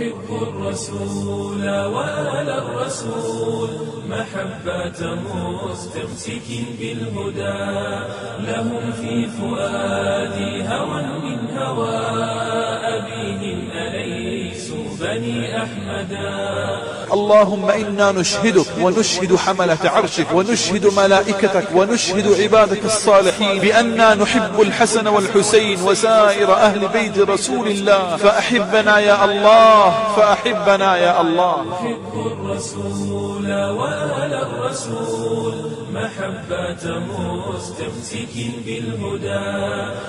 يحب الرسول وآل الرسول محبته استمسك بالهدى لهم في فؤادي هوى من هواه بني أحمد اللهم إنا نشهدك ونشهد حملة عرشك ونشهد ملائكتك ونشهد عبادك الصالحين بأننا نحب الحسن والحسين وسائر أهل بيت رسول الله فأحبنا يا الله فأحبنا يا الله أحب الرسول وأهل الرسول محبة مستمسك بالهدى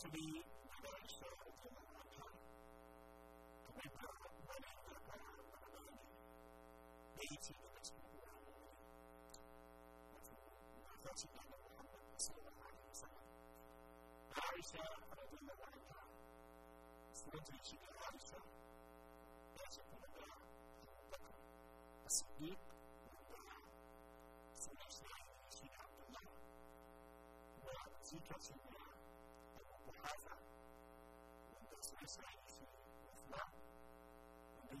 to be managed to to to to you to casa, donde se usa su misma, donde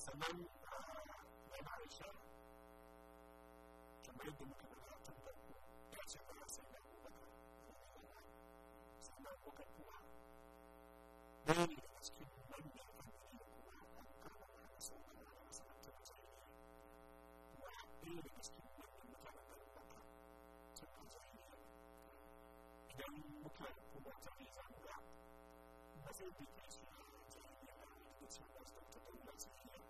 zaman Nabi uh, Aisyah kembali di muka bumi tempat dia cakap yang saya nak bukan saya dan ini yang kami ingin kuat dan kerana kami semua dalam masa macam saya ini kuat ini adalah yang kami bukan cakap saya ini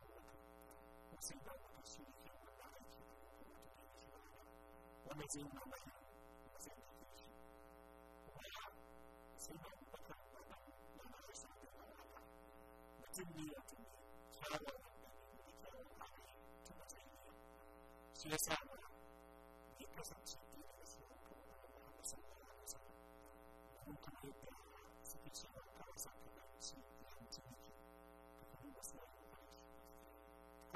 passing by the person who had arrived here before to be his rider. in my way, was in the vision. Wow! See my mother, my mother, my mother said to my What's in what's in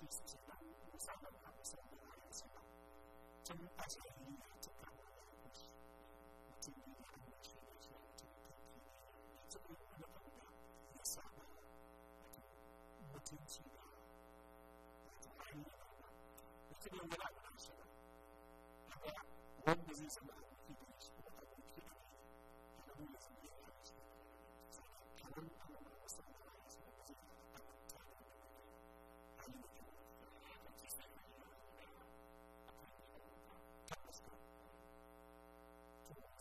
去实现了我上半场的生命来的成长。真大家一定要走到我的故事，我经历了很多学的时候，这个课题也作为我的榜样，也下到了那种不争气的那种安逸的榜样。这个我哪个老师的？然后我不是什么。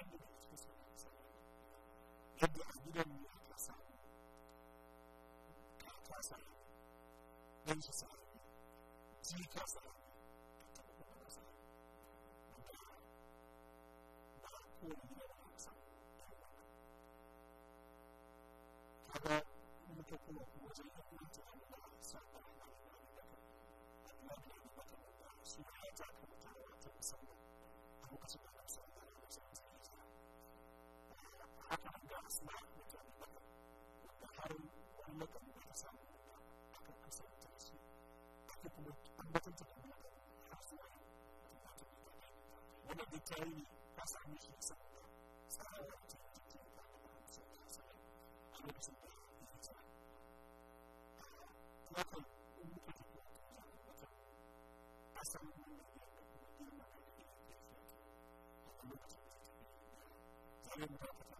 واحد من الاشخاص يبدو عددا من الاطلسان كاطلسان ليس صحابي تلك صحابي هذا ممكن يكون هو زي ما قلت الله سبحانه وتعالى أن لا بد أن نتكلم عن سورة تعلم تعالى وتعالى أبو كسب akan ada asmah itu yang dibakar. Maka hari Allah dan batasan akan bisa terisi. Aku kumut anggota pasal misi sahaja. Sekarang orang cinta cinta dengan manusia biasa. Aku bisa berhati tidak mengatakan pasal misi sahaja. Aku bisa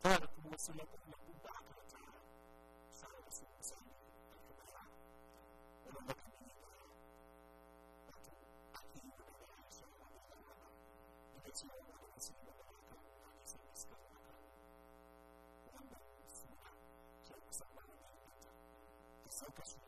Cara, como você já está na não cara, sabe, você não sabe trabalhar. Eu não vou caminhar para aqui em Uberlândia, eu não vou trabalhar. E nesse momento, eu consegui trabalhar com a minha serviço que eu não vou trabalhar. Eu não vou ensinar que eu não sou uma menina. Eu sou cachorro.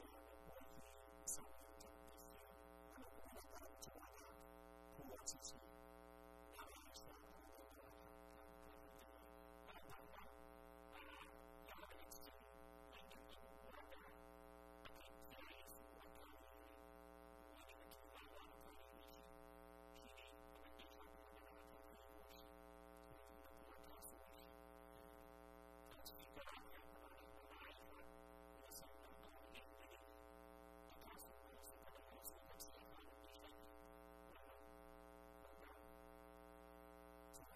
righteousness.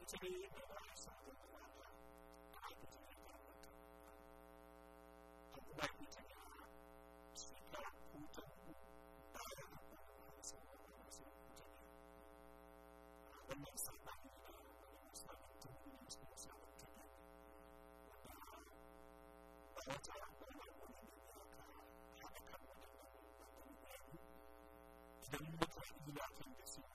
جيد وأحسن للغناء وعدد الأدوات أبو بكر جميعا شكرا قوتا دائما الله صلى الله عليه وسلم جميعا ومن سبحانه وتعالى ومن سبحانه وتعالى ومن سبحانه وتعالى ومن سبحانه وتعالى ومن سبحانه وتعالى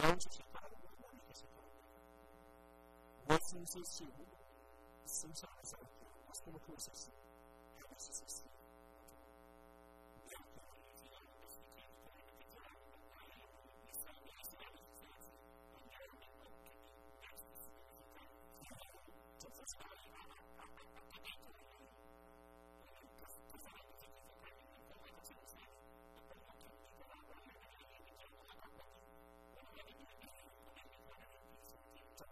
我深深信，深深的相信，我通过这些，还是这些。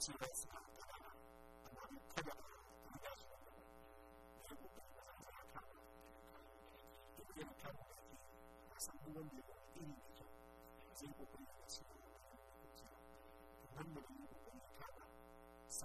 two days ago, another criminal engagement in the Amazon account. It was in a couple of days, as a woman who was eating it, and was able to be in the school, and the number of people in the camera, so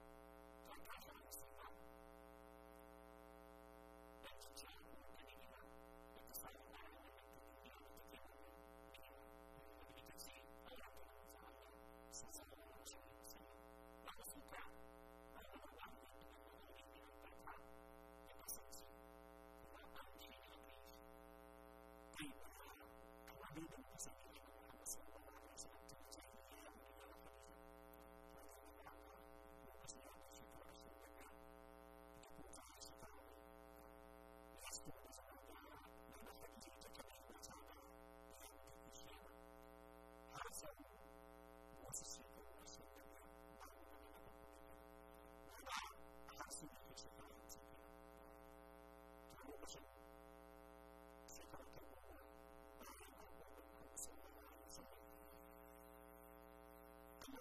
deeper.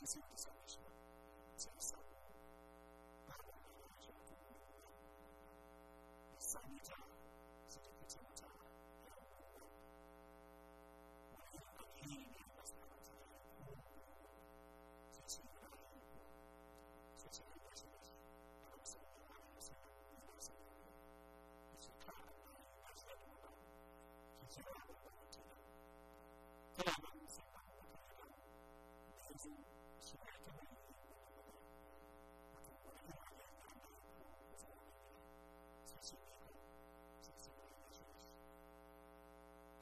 Dice Thank you.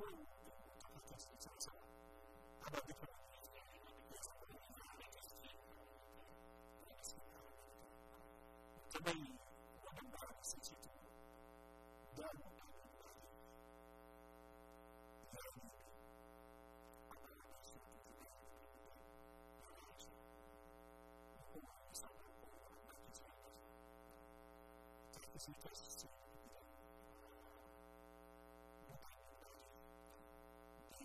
такой, как это встречается, об обычном Today, what about the situation? Done. Thank you.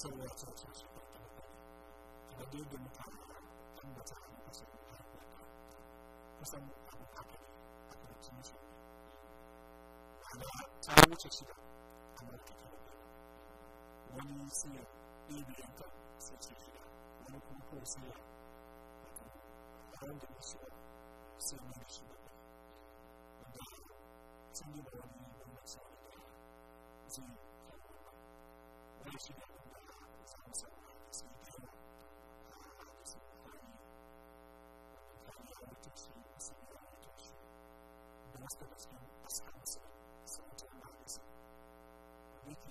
until we have such a But I do give them time. I'm not saying I'm not saying I'm not saying I'm not saying I'm not saying あの、チャームチェシが、あの、結局、我们是一年的持续性，我们不会是安定的是生命的是的，我们经历了我们的梦想的，以及我们是。Astonishing, Wisconsin, Senator Madison. Ricky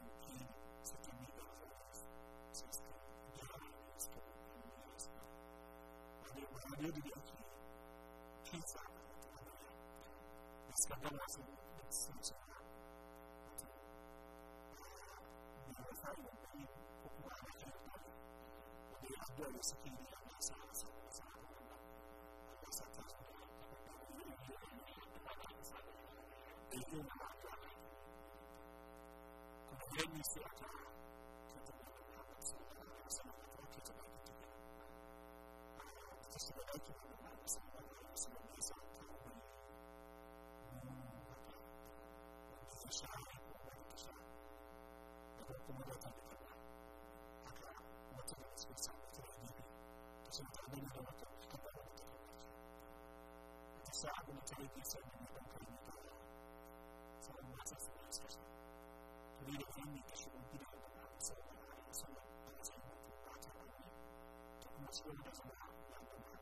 existe diariamente a memória do aqui, quem sabe naturalmente, mas cada nós não se sente Deus queria a nossa relação com essa a nossa uma Ele não vai Como é que se الساعة بالتالي في سبب يكون كلمة الله سواء ما أساس ولا أساس تريد أن يكشف بدعة النبي صلى الله عليه وسلم أن يسلم في الطاعة الأمير تكون مسؤولا عن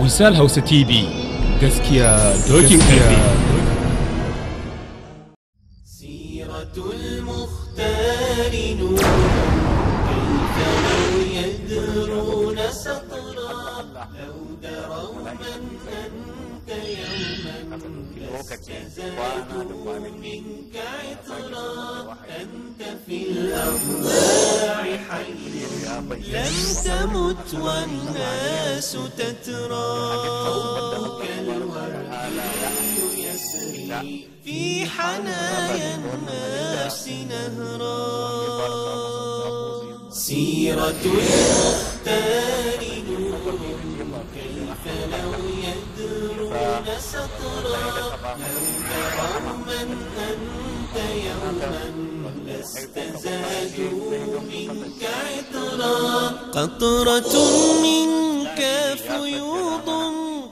وسال هوسة تي بي gaskiya dokin قرنوا لو يدرون سطرا لو دروا من أنت يوما لاستزادوا منك عطرا أنت في الأوضاع حي لم تمت والناس تترى تسري في حنايا الناس نهرا سيرة المختار كيف لو يدرون سطرا لو ترى من أنت يوما لست زادوا منك عطرا قطرة منك فيوض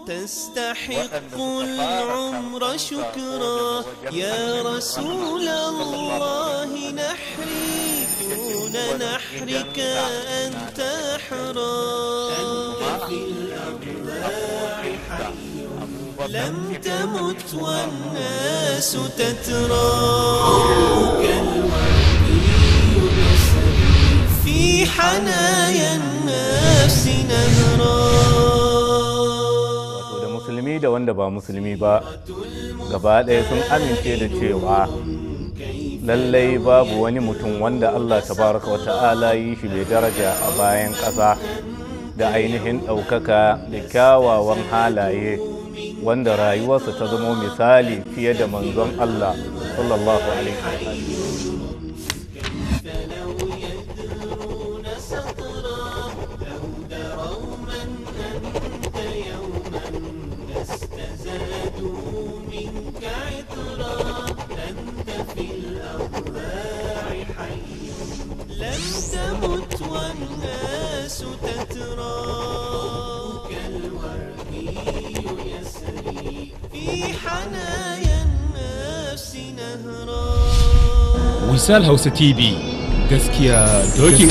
تستحق العمر شكرا يا رسول الله نحري دون نحرك أنت حرا أنت في الأضلاع حي لم تمت والناس تترى في حنايا da wanda ba musulmi ba gaba ɗaya sun amince da cewa lallai babu wani mutum wanda Allah tabaraka baraka ta'ala yi shi mai daraja a bayan ƙasa da ainihin ɗaukaka da kyawawan halaye wanda rayuwarsa ta zama misali fiye da manzon Allah sallallahu alaihi والناس تترى ربك الوردي يسري في حنايا الناس نهرا وسال هوسة تي بي gaskiya dokin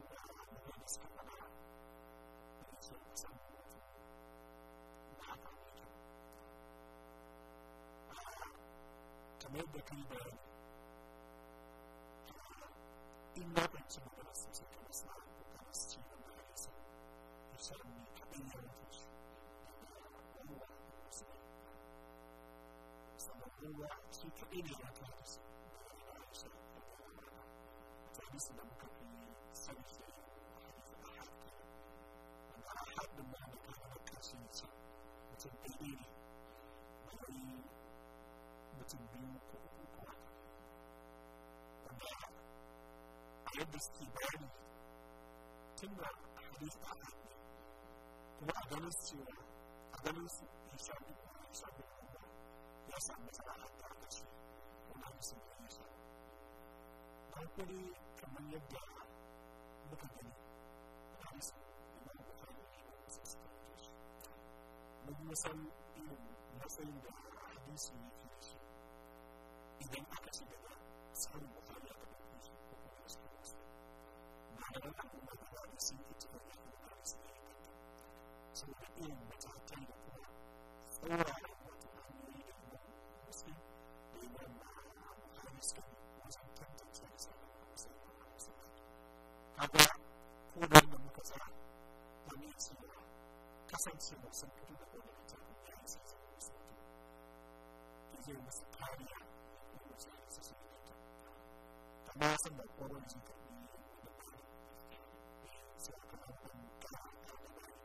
kamar da kai da in na fahimci magana sun sai kamar suna kokarin su ci gaba da su kusa mai kaɗan ya mutu su ruwa su ne saboda ruwa su kaɗai ne ya kawo su da ya kawo su da ya kawo su da haɗin ma da kamar kasance mutum ɗaya ne ba yi mutum biyu ko uku ko wata wanda a yadda suke bayani tun da hadis ta haɗe kuma a ganin su cewa a ganin su ya shafi ko ya shafi ko ya samu matsala a ta A ko na musu da ya samu. Don kuma kamar yadda muka gani mun san irin matsayin da hadisi ne ke da shi idan aka ci gaba tsarin buhari a gaban kusa ko kuma wasu wasu malaman ba da zaɓi sun yi cikin da kuma ƙarfi su ya kanta saboda irin matakan da kuma tsaurara wato hanyoyi da kuma musu da imam buhari suka yi wajen tantance da sauran musulman musulman kaga ko da muka tsara wani ya essentially what some people that women are taking places or something. Because it was a caveat that was like associated to the reason that women is that we need in the body is to come up and get out of the body.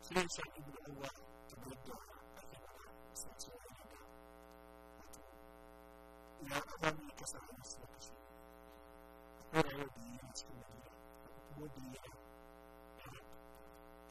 So they said, you know what, to be a dog, I think that is essentially what you do. Я вам не касаюсь, я пишу. Какое я делаю, что я делаю, какое я делаю.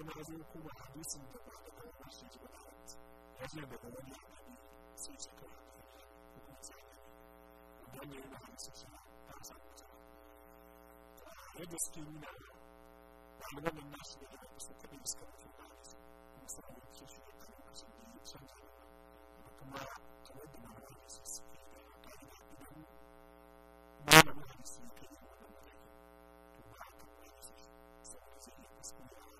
kuma zo kuma hadisin da ba da wani shi ba da yana daga wani annabi sai shi kawai da ko kuma sai annabi wanda yana hamsin shi ta samu ta yadda suke nuna ɗaliban nan nasu da yana kusa kaɗai da suka mutu da hadisi kuma suna wanke shi da kan lokacin da ya canza da kuma kamar da malaman hadisi suke da ƙa'ida idan malamin hadisi ya kai wannan mataki to ba a kan hadisi saboda zai iya kuskure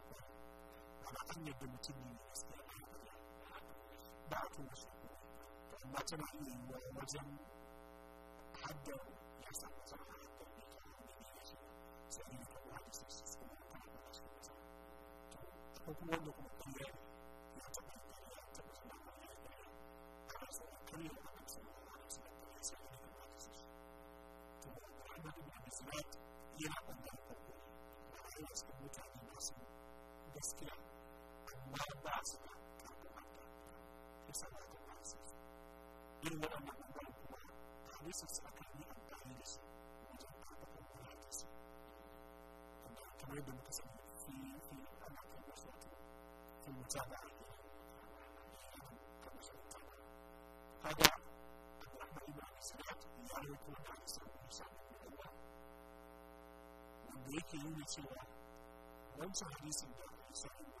على أن يتم بعث المشركون فما تنعي وزن حدا يحصل مصلحة حتى سألك وهذا سيسيس كما تعلم حكم عندكم الطيار يعتبر الطيار يعتبر سماع الطيار على سنة قليل وقد سمع الله عليه وسلم الطيار سألك وهذا سيسيس ثم الرحمن بن عبد الزلات يلعب عند القرآن وعلى سبيل تعليم حسن بس كلام mana bahasa kata kata bisa kata bahasa ini mana mana mana ini apa ini apa kata kata itu sih ada anak yang bersatu film jaga ini pada Allah Maha Esat yang itu dari sabun sabun kedua dan dia kini cerah dan sehari sedang bersama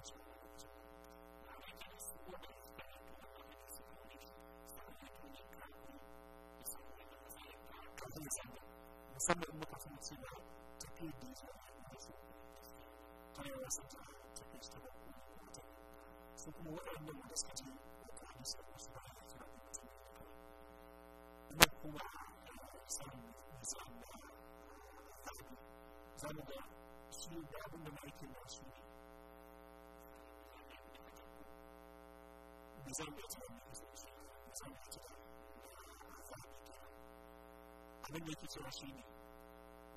Some of the to pay these on the nation. Kaya such a to do. So, you know, what I know with this what I just said was about Not for some some family. Zana da shi da abin da ma'aikin da shi ne. Da zan da ya ci wani kasance, da zan da ya من يكتب شيءي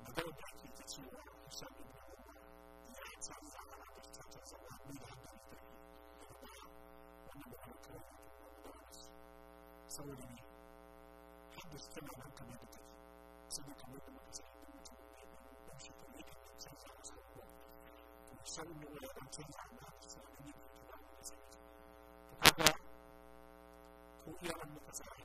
مدار بحثي تسوى حساب بن عمر يعد سعد على عبد الفتح صلى الله عليه وسلم ومن على كلام المدرس سولني حدث كما لم كما بدأت سبق لك ما تسعد بمشي طريقة تسعد على صلى الله عليه وسلم وسلم ولا تنسى على عبد السلام فهذا هو يرى المتساهل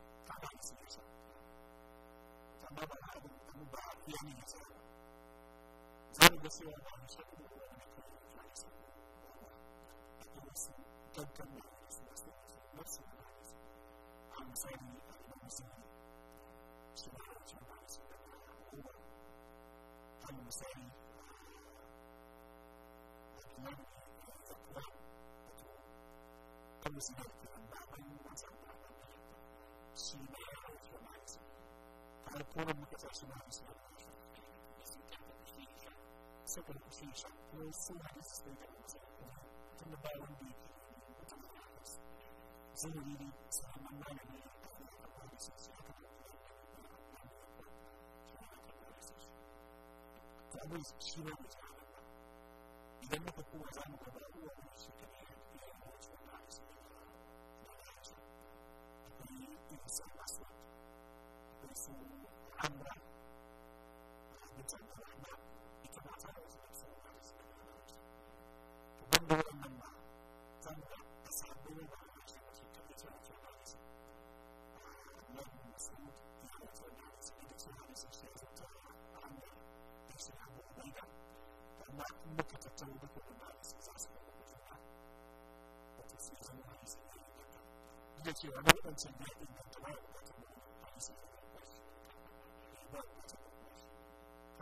faɗa masu da shi amma ba na abin da ba a fiye ne masu yawa za mu ga cewa ba mu shaɗu da wani da ke yi fiye su a kan wasu tantan da ya su da su da su da su da su a misali a ina musulmi su da ya ci ba su da ya kuma kan misali a ina da ya kuma kan musulmi da ke ba a yi wasu сильная информация. Она повод показать себя на себя нужно. Результаты пошли еще. Все пошли еще. Но и сына не состоит в этом. Это на байон бит. Это на радость. Заявили, не That was, she wrote it down. You don't have to verse of last week. Therefore, hunger, the temple of hunger, it the same way that to return the body, not the food, the water, and the city, the the city, the the table, iya cewa na wancan ya inganta ba da wata a wasu da ba da wata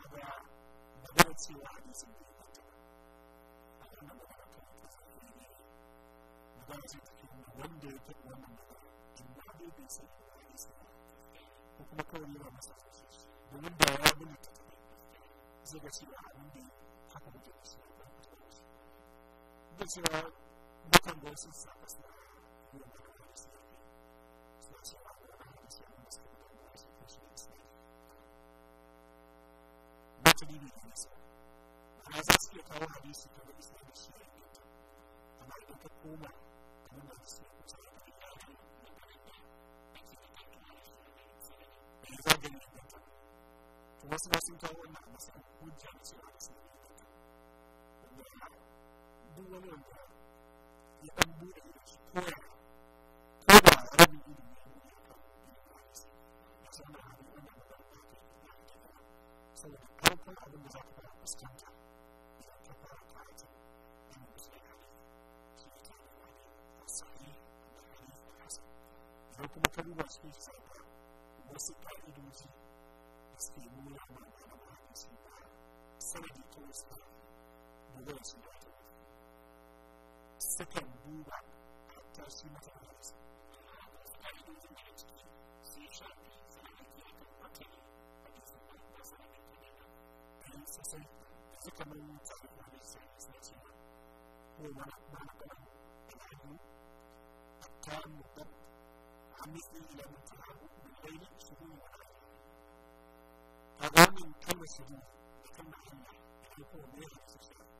kaga magana cewa hadisin bai inganta ba a wannan magana kan wata zafi ne magana ce ta kuma wanda ya taɓa wannan magana in ma dai bai san hadisin ba ko kuma kawai yana masa domin da ya bi ta taɓa zai ga cewa abin da haka muke da shi a kan kuta da cewa dukkan da wasu sa kasa yin haka actually be useful. Anaweza kawa hadithi kama islamishi ya kitu anaitoka kuuma kama nafsi ya kusema kama yale inaweza gani kitu tunaweza kusimtaona basi kuja sio hadithi ya kitu ndio wale ambao ya tamburi ya farkon abin za ka fara fuskanta idan ka fara karatun yin musulun hadith shi ne ta yi wani asahi da hadith da hasan idan kuma ka duba cikin shi zaka wasu ƙa'idoji da suke nuna ma malaman hadisi ba sanadi ta wasu da zai su da ta sukan duba hatta shi mata hadisi ƙa'idojin da ciki sai shafi se soy físicamente sensible. Mi hermana Mara para el año, acá en Motor, a mí se le han entregado un ley según la A Agarren todo ese día, É que imagina, que hay como medio de sociedad.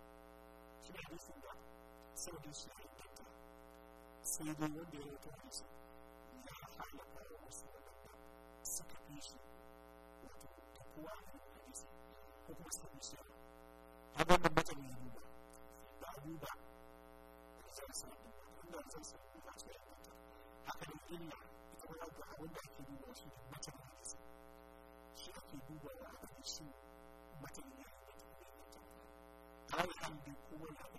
Si me dicen ya, se lo dice la intenta. Se eu dio un día de todo já y la para el resto de Se capisce, la o que puede haber una visión. ko kuma samu siyar ta wannan matsayin ya duba da a duba zan samu wanda zan samu duba su ya mata haka ne illa ita wani abu a da ake duba su da matsayin ya nisa shi ake duba da aka shi matsayin ya duba ta kuma ya mata ta yi hannu ko wani abu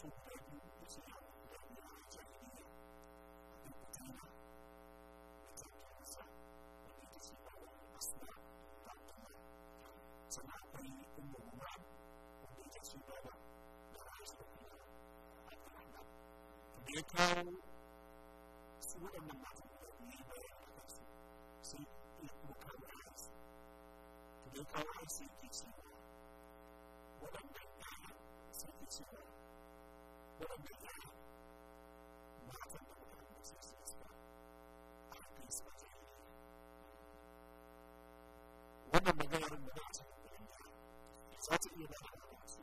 ya kawo su waɗannan matan da ya yi bayan da kansu sai ya kuma kawo hansu da ya kawo hansu yake cewa waɗannan wurin da ya yi matan da mutum da su su isma a kan su ba zai yi wannan maganar da ba a cikin wurin da za ta iya bada da su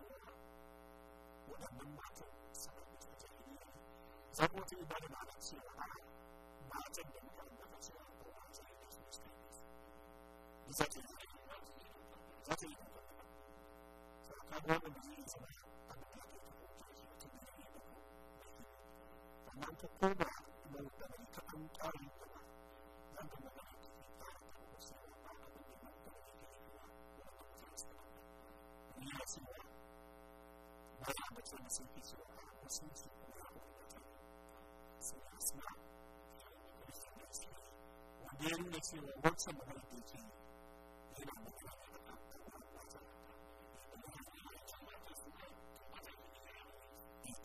waɗannan matan su ba da su jahiliya za kuma ta iya bada da su cewa a matan da mutum da ba su yi ba a jahiliya su isma ne za ta yi za ta yi kaga wannan da zai yi zama abin da ake quanto cura la vita contare in tema, quanto la vita di parte, possiamo parlare di mantenere di prima, una contrasta. Mia signora, ma la bacione sentisse la parte, senza cura la bacione.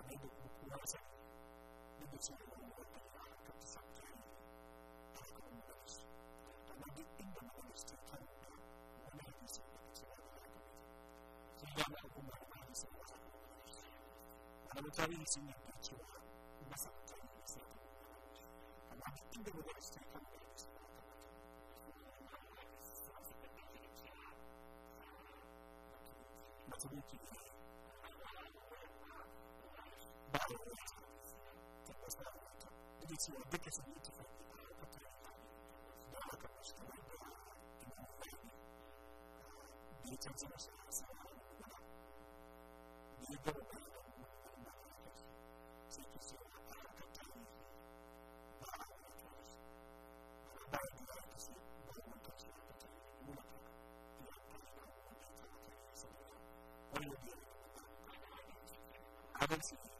credo che una cosa di decidere una volta di fare che ti fa credere che è come un verso e non è in una cosa che è come un verso non è così che ti sarà di fare credere se non è alcun male ma non è una cosa come un verso ma non c'è il segno che ci vuole una fatta di questa cosa Quindi non è stato un po' di sport, ma è stato un po' di sport. Ma è stato un po' di sport. terrorism that was not it's you know, because of the different как бы, чтобы было именно время детям завершаться не было бы всякие силы, которые Thank you.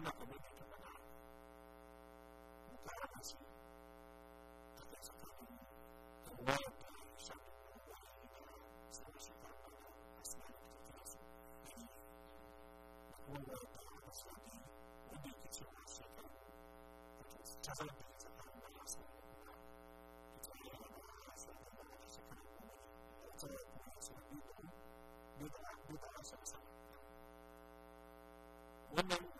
una cometa que pagar. Nunca era así. Tal vez acá tú, como un padre de santo, como un padre de santo, se va a sentar para hacer algo que te hace. Y como un padre de santo, un día que se va a sentar, porque se va a sentar para una raza de la vida, que se va a sentar para una raza de la vida, que se va a sentar para una raza de la vida, que se va a sentar para una raza de la vida, que se va a sentar para una raza de la vida.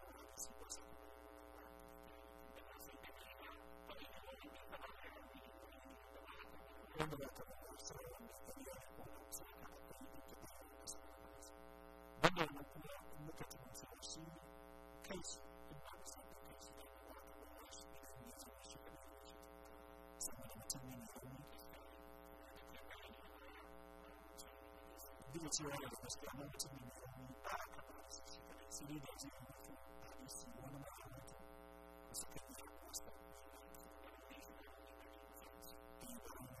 cewa da gaskiya lokacin da mai yi ba a kama da su shi kadai sai da zai yi mutu a isi wani mahalarci da suka yi a wasu da yi da yi da yi da yi da yi da yi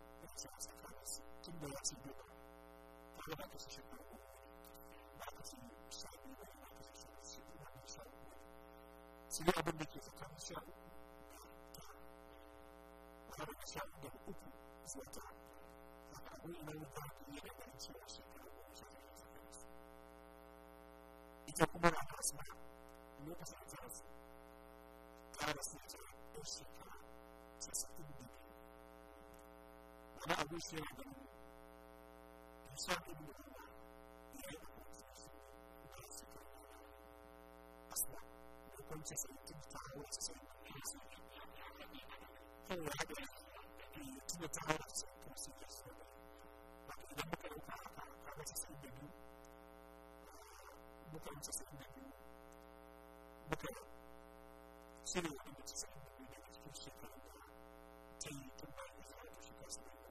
сердце Ханаса, тут была Сибиба. Тогда Бакус еще был Бакус и Шабина, и Бакус еще был Сибиба, и Шабина. Сибиба был Бекит, а там Шабина. Потом Шабина был Упу, Злата. А мы имели так, и я говорил, что я все это было, что я это конечно. И так умер от нас, мы посмотрели. Тарас не делал, и все, как, со сетым битвы. Now we share them. And so we do it. Consciously, to the tower, so we have to the tower, so procedures for them. But we don't look at our covers in the new, look at us in the new, look at serial images in the new, that is, you should have to take the mind as well as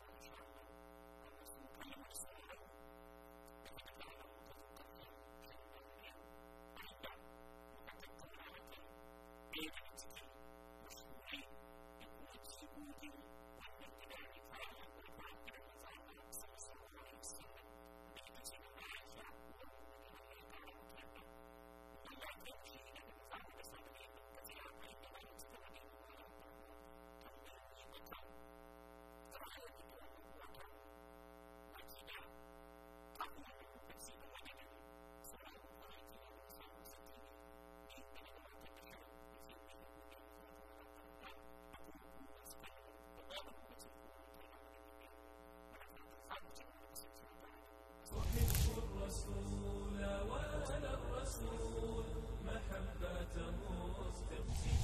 thinking الرسول وآل الرسول محبته استقسم